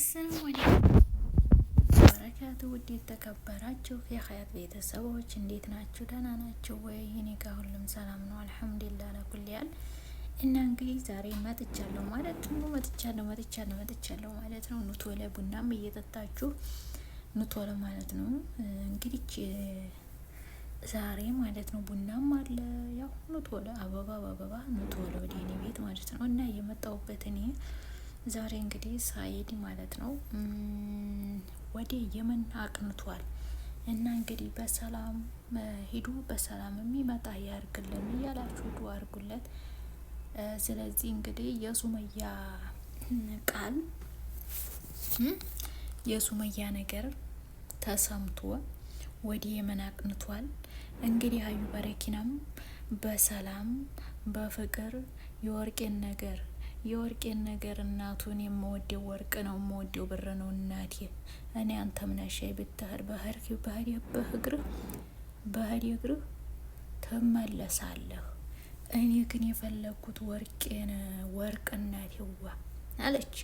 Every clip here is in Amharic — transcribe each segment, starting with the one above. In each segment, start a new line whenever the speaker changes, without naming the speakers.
አሰላሙ አለይኩም በረካቱ ውድ የተከበራችሁ የሀያት ቤተሰቦች እንዴት ናችሁ? ደህና ናችሁ ወይ? እኔ ጋ ሁሉም ሰላም ነው አልሐምዱሊላህ አላኩልያል እና እንግዲህ ዛሬ መጥቻለሁ ማለት ነው። መጥቻለሁ መጥቻለሁ መጥቻለሁ ማለት ነው። ኑቶለ ቡናም እየጠጣችሁ ኑቶለ ማለት ነው። እንግዲህ ዛሬ ማለት ነው ቡናም አለ ያው ኑቶለ አበባ በአበባ ኑቶለ ወደ እኔ ቤት ማለት ነው እና የመጣሁበት እኔ ዛሬ እንግዲህ ሳይድ ማለት ነው ወደ የመን አቅንቷል እና እንግዲህ በሰላም ሂዱ በሰላም የሚመጣ ያርግልን እያላችሁ ዱ አርጉለት። ስለዚህ እንግዲህ የሱመያ ቃል የሱመያ ነገር ተሰምቶ ወደ የመን አቅንቷል። እንግዲህ አዩ በረኪናም በሰላም በፍቅር የወርቄን ነገር የወርቄን ነገር እናቱን የምወደው ወርቅ ነው የምወደው ብር ነው እናቴ። እኔ አንተ ምናሻይ ብትህር ባህር ባህር ባህር እግር ትመለሳለህ። እኔ ግን የፈለግኩት ወርቄን ወርቅ እናቴዋ አለች።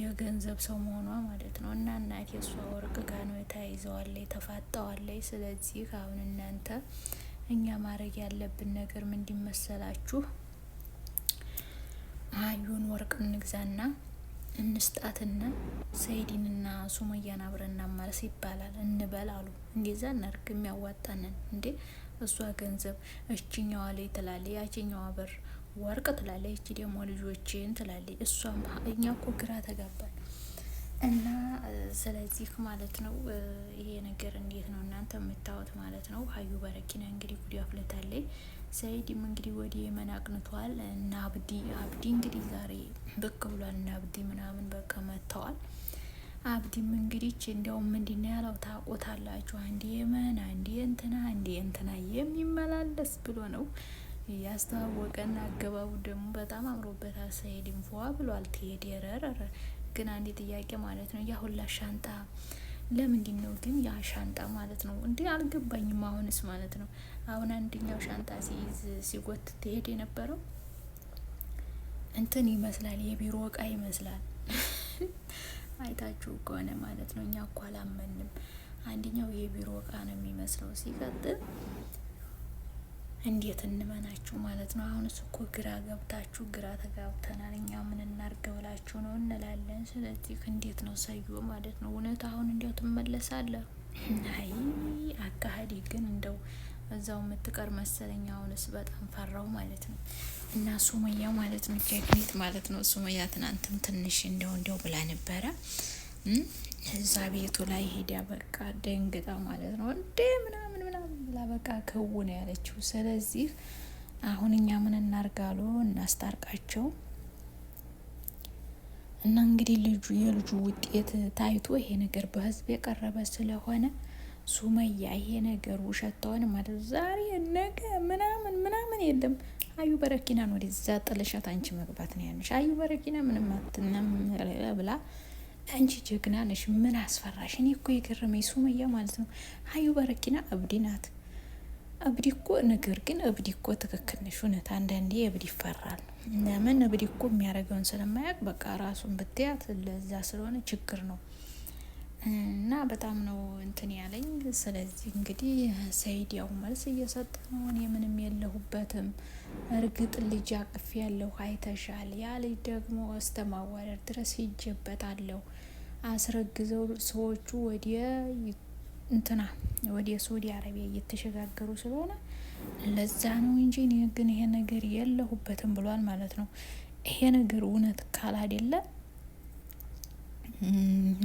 የገንዘብ ሰው መሆኗ ማለት ነው። እና እናቴ እሷ ወርቅ ጋር ነው ተያይዘዋለች፣ ተፋጠዋለች። ስለዚህ አሁን እናንተ እኛ ማድረግ ያለብን ነገር ምንድን መሰላችሁ? አዩን ወርቅ እንግዛና እንስጣትና ሰይዲንና ሱመያን አብረና እናማረስ ይባላል እንበል አሉ። እንደዛ እናርግ የሚያዋጣንን እንዴ እሷ ገንዘብ እችኛዋ ላይ ትላለ፣ ያችኛዋ ብር ወርቅ ትላለ፣ እቺ ደግሞ ልጆችን ትላለ። እሷም እኛ ኮ ግራ ተጋባል እና ስለዚህ ማለት ነው ይሄ ነገር እንዴት ነው እናንተ የምታወት ማለት ነው። ሀዩ በረኪና እንግዲህ ጉዲ አፍልታለች። ሰይድም እንግዲህ ወደ የመን አቅንቷል። እና አብዲ አብዲ እንግዲህ ዛሬ ብቅ ብሏል። እና አብዲ ምናምን በቃ መጥተዋል። አብዲም እንግዲህ እንዲያውም ምንድን ነው ያለው ታቆታላችሁ፣ አንዴ የመን አንዴ እንትና አንዴ እንትና የሚመላለስ ብሎ ነው ያስተዋወቀን። አገባቡ ደግሞ በጣም አምሮበታል። ሰይድም ፏ ብሏል። ትሄድ የረረረ ግን አንዴ ጥያቄ ማለት ነው ያሁላ ሻንጣ ለምንድን ነው ግን ያ ሻንጣ ማለት ነው እንዴ? አልገባኝም። አሁንስ ማለት ነው አሁን አንደኛው ሻንጣ ሲይዝ ሲጎት ትሄድ የነበረው እንትን ይመስላል፣ የቢሮ እቃ ይመስላል። አይታችሁ ከሆነ ማለት ነው እኛ እኮ አላመንም። አንደኛው የቢሮ እቃ ነው የሚመስለው ሲቀጥል እንዴት እንመናችሁ ማለት ነው። አሁንስ እኮ ግራ ገብታችሁ ግራ ተጋብተናል እኛ ምን እናርገው ብላችሁ ነው እንላለን። ስለዚህ እንዴት ነው ሰዩ ማለት ነው። እውነት አሁን እንዲያው ትመለሳለ አይ አካሄዴ ግን እንደው እዛው የምትቀር መሰለኝ። አሁንስ በጣም ፈራው ማለት ነው። እና ሱመያ ማለት ነው ጀግኒት ማለት ነው። ሱመያ ትናንትም ትንሽ እንደው እንደው ብላ ነበረ እዛ ቤቱ ላይ ሄዳ በቃ ደንግጣ ማለት ነው እንዴ ምና ጠቅላላ በቃ ክውን ነው ያለችው። ስለዚህ አሁን እኛ ምን እናርጋሉ? እናስታርቃቸው እና እንግዲህ ልጁ የልጁ ውጤት ታይቶ ይሄ ነገር በህዝብ የቀረበ ስለሆነ ሱመያ ይሄ ነገር ውሸታውን ማለት ዛሬ ነገ ምናምን ምናምን የለም። አዩ በረኪናን ወደዛ ጥለሻት አንቺ መግባት ነው ያለሽ። አዩ በረኪና ምንም አትናም ብላ አንቺ ጀግና ነሽ፣ ምን አስፈራሽ? እኔ እኮ የገረመኝ ሱመያ ማለት ነው አዩ በረኪና እብድ ናት። እብድ እኮ ነገር ግን እብድ እኮ ትክክል ነሽ። እውነት አንዳንዴ እብድ ይፈራል። ለምን እብድ እኮ የሚያደርገውን ስለማያውቅ በቃ ራሱን ብትያት ለዛ ስለሆነ ችግር ነው እና በጣም ነው እንትን ያለኝ። ስለዚህ እንግዲህ ሰይድ ያው መልስ እየሰጠ ነው። እኔ ምንም የለሁበትም። እርግጥ ልጅ አቅፍ ያለሁ አይተሻል። ያ ልጅ ደግሞ እስተማዋደር ድረስ ሂጄበታለሁ። አስረግዘው ሰዎቹ ወዲያ እንትና ወደ ሳውዲ አረቢያ እየተሸጋገሩ ስለሆነ ለዛ ነው እንጂ እኔ ግን ይሄ ነገር የለሁበትም ብሏል ማለት ነው። ይሄ ነገር እውነት ካላደለ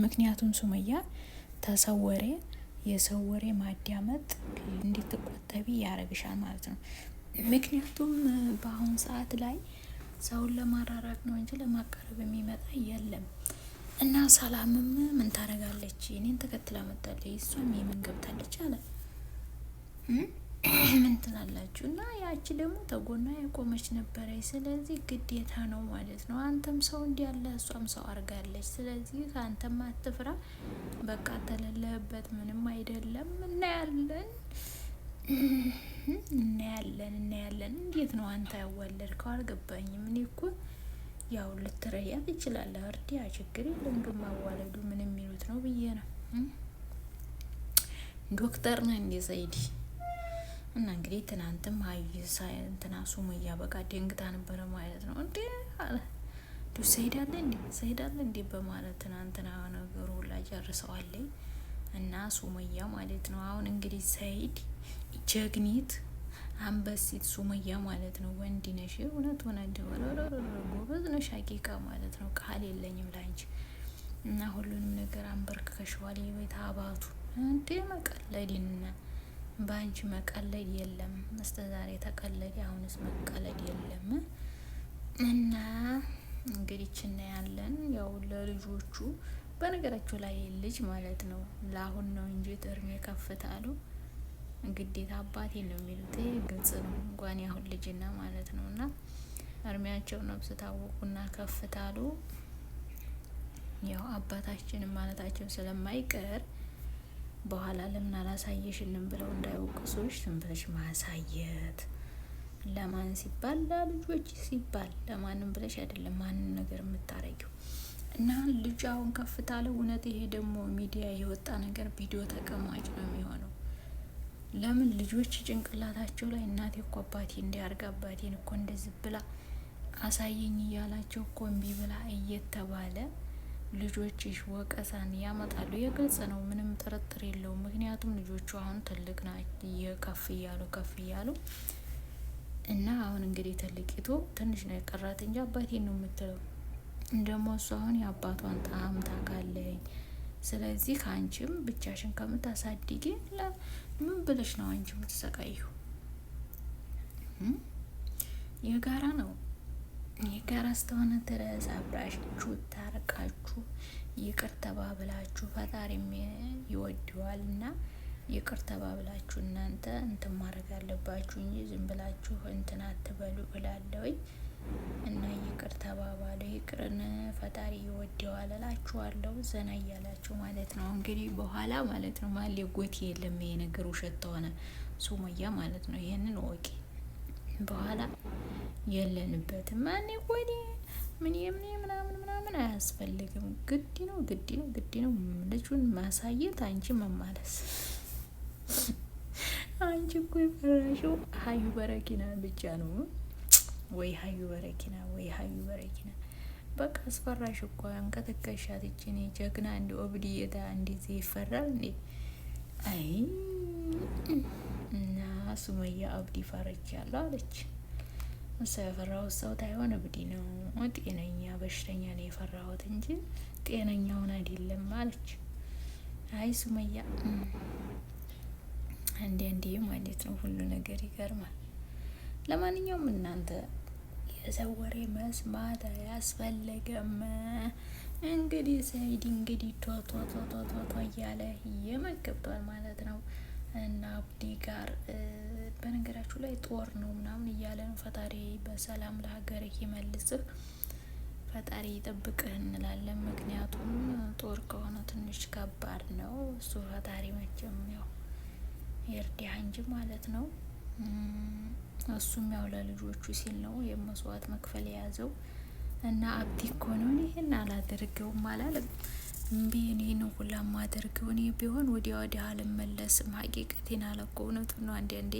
ምክንያቱም ሱመያ ተሰወሬ የሰወሬ ማዳመጥ እንድትቆጠቢ ያረግሻል ማለት ነው። ምክንያቱም በአሁኑ ሰዓት ላይ ሰውን ለማራራቅ ነው እንጂ ለማቀረብ የሚመጣ የለም። እና ሰላምም ምን ታደርጋለች? እኔን ተከትላ መጣለች፣ እሷም የምን ገብታለች አለ ምን ትላላችሁ? እና ያቺ ደግሞ ተጎና የቆመች ነበረች። ስለዚህ ግዴታ ነው ማለት ነው። አንተም ሰው ያለ እሷም ሰው አድርጋለች። ስለዚህ አንተም አትፍራ፣ በቃ ተለለህበት፣ ምንም አይደለም። እናያለን እናያለን እናያለን። እንዴት ነው አንተ ያዋለድከው? አልገባኝም እኔ እኮ ያው ልትረያት ትችላለህ። እርዲያ ችግር የለም ግን ማዋለዱ ምን የሚሉት ነው ብዬ ነው። ዶክተር ነህ እንዴ ሰይዲ? እና እንግዲህ ትናንትም ሀዩ እንትና ሱመያ በቃ ደንግጣ ነበረ ማለት ነው እንዴ አለ ዱ ሰይድ አለ እንዴ ሰይድ አለ እንዴ በማለት ትናንትና ነገሩ ሁላ ጨርሰዋለኝ። እና ሱመያ ማለት ነው አሁን እንግዲህ ሰይድ ጀግኒት አንበሲት ሱመያ ማለት ነው ወንድ ነሽ እውነት ሆነ ትንሽ አቂቃ ማለት ነው። ቃል የለኝም ላንቺ እና ሁሉንም ነገር አንበርክከሽዋል። የቤት አባቱ እንዴ መቀለድና በአንቺ መቀለድ የለም። እስከ ዛሬ ተቀለድ፣ አሁንስ መቀለድ የለም እና እንግዲህ ያለን ያው ለልጆቹ በነገራችሁ ላይ ልጅ ማለት ነው ለአሁን ነው እንጂ እድሜ ከፍታሉ ግዴታ አባቴ ነው የሚሉት ግልጽ ነው። እንኳን ያሁን ልጅና ማለት ነው እና እድሜያቸውን ነብስ ታወቁና ከፍታሉ ያው አባታችንም ማለታችን ስለማይቀር በኋላ ለምን አላሳየሽንም ብለው እንዳይወቅሱሽ ዝም ብለሽ ማሳየት ለማን ሲባል ለልጆች ሲባል ለማንም ብለሽ አይደለም ማንም ነገር የምታረጊው እና ልጅ አሁን ከፍታለ እውነት ይሄ ደግሞ ሚዲያ የወጣ ነገር ቪዲዮ ተቀማጭ ነው የሚሆነው ለምን ልጆች ጭንቅላታቸው ላይ እናቴ እኮ አባቴ እንዲያርግ አባቴን እኮ እንደዚህ ብላ አሳየኝ እያላቸው እኮ እምቢ ብላ እየተባለ ልጆችሽ ወቀሳን ያመጣሉ። የገጽ ነው፣ ምንም ጥርጥር የለውም። ምክንያቱም ልጆቹ አሁን ትልቅ ናቸው፣ ከፍ እያሉ ከፍ እያሉ እና አሁን እንግዲህ ትልቂቱ ትንሽ ነው የቀራት እንጂ አባቴን ነው የምትለው። እንደሞ እሱ አሁን የአባቷን ጣም ታውቃለች። ስለዚህ ከአንቺም ብቻሽን ከምታሳድጊ ምን ብለሽ ነው አንቺ የምትሰቃዩ? የጋራ ነው። የጋራ ስተሆነ ድረስ አብራችሁ ታረቃችሁ ይቅር ተባብላችሁ ፈጣሪም ይወድዋል እና ይቅር ተባብላችሁ እናንተ እንትን ማድረግ አለባችሁ እንጂ ዝም ብላችሁ እንትን አትበሉ እላለሁኝ። እና ይቅር ተባባለ። ይቅርን ፈጣሪ ይወደዋል እላችኋለሁ። ዘና እያላችሁ ማለት ነው እንግዲህ በኋላ ማለት ነው ማሌ ጎቴ የለም ይሄ ነገር ውሸት ተሆነ ሱመያ ማለት ነው ይሄንን ወቂ በኋላ የለንበትም ማን ይቆይ ምን የምን ምናምን ምናምን አያስፈልግም። ግድ ነው ግድ ነው ግድ ነው ልጁን ማሳየት አንቺ መማለስ አንቺ እኮ የፈራሽው ሀዩ በረኪና ብቻ ነው። ወይ ሀዩ በረኪና ወይ ሀዩ በረኪና በቃ አስፈራሽ እኮ አንቀተከሻት። እችን ጀግና እንዲ ኦብድየታ እንደዚህ ይፈራል እንዴ? አይ እና ሱመያ አብዲ ፈረች ያለ አለች። እሷ የፈራሁት ሰው ታይሆን እብዲ ነው፣ ጤነኛ በሽተኛ ነው የፈራሁት እንጂ ጤነኛውን አይደለም አለች። አይ ሱመያ አንዴ አንዴ ማለት ነው ሁሉ ነገር ይገርማል። ለማንኛውም እናንተ የሰው ወሬ መስማት አያስፈለገም። እንግዲህ ሰይድ እንግዲህ ቶቶቶቶቶ እያለ የመገብቷል ማለት ነው። እና አብዲ ጋር በነገራችሁ ላይ ጦር ነው ምናምን እያለ ነው። ፈጣሪ በሰላም ለሀገርህ ይመልስህ፣ ፈጣሪ ይጠብቅህ እንላለን። ምክንያቱም ጦር ከሆነ ትንሽ ከባድ ነው። እሱ ፈጣሪ መቼም ያው እንጂ ማለት ነው። እሱም ያው ለልጆቹ ሲል ነው የመስዋዕት መክፈል የያዘው እና አብዲ እኮ ነው ይህን አላደርገውም አላለም። እምቢ እኔ ነው ሁላ ማደርገው እኔ ቢሆን ወዲያ ወዲያ አልመለስም። ሀቂቀቴን አለኮ እውነቱ ነው። አንዳንዴ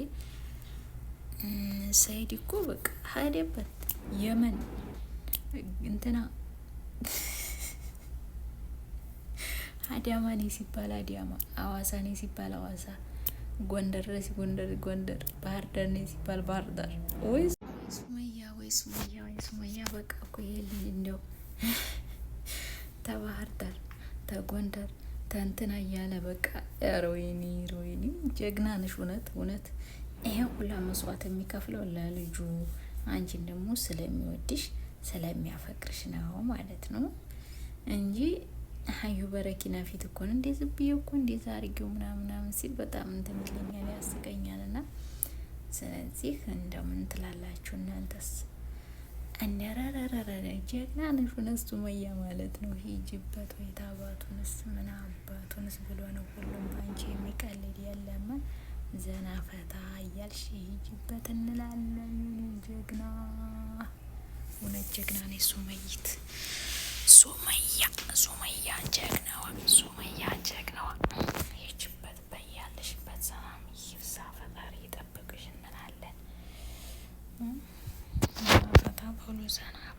ሰይድ እኮ በቃ ሀደበት የመን እንትና አዳማ ሲባል አዳማ፣ አዋሳኔ ሲባል አዋሳ ጎንደር ላይ ሲጎንደር ጎንደር፣ ባህር ዳር ላይ ሲባል ባህር ዳር። ወይ ሱመያ ወይ ሱመያ ወይ ሱመያ በቃ እኮ የለኝ እንዲያው ተባህር ዳር ተጎንደር ተንትና እያለ በቃ ሮይኒ ሮይኒ ጀግና ነሽ። እውነት እውነት ይሄ ሁላ መስዋዕት የሚከፍለው ለልጁ አንቺን ደግሞ ስለሚወድሽ ስለሚያፈቅርሽ ነው ማለት ነው እንጂ አዩ በረኪና ፊት እኮ ነው እንዴ ዝብዬ እኮ እንዴዛ አርጊው ምናምናምን ሲል በጣም እንትን ይለኛል፣ ያስቀኛል። ና ስለዚህ እንደምን ትላላችሁ እናንተስ? እንደረረረረ ጀግና ነሽ ነሱ መያ ማለት ነው። ሂጅበት ወይ ታባቱንስ ምን አባቱንስ ብሎ ነው ሁሉም ባንቺ የሚቀልድ የለም። ዘና ፈታ እያልሽ ሂጅበት እንላለን። ጀግና እውነት ጀግና ነሽ ሱመይት። ሱመያ ሱመያ ጀግናዋ ሱመያ ጀግናዋ ይችበት በያለሽበት ሰላም ይብዛ፣ ፈጣሪ ይጠብቅሽ እንላለን። ፈታ በሉ ዘና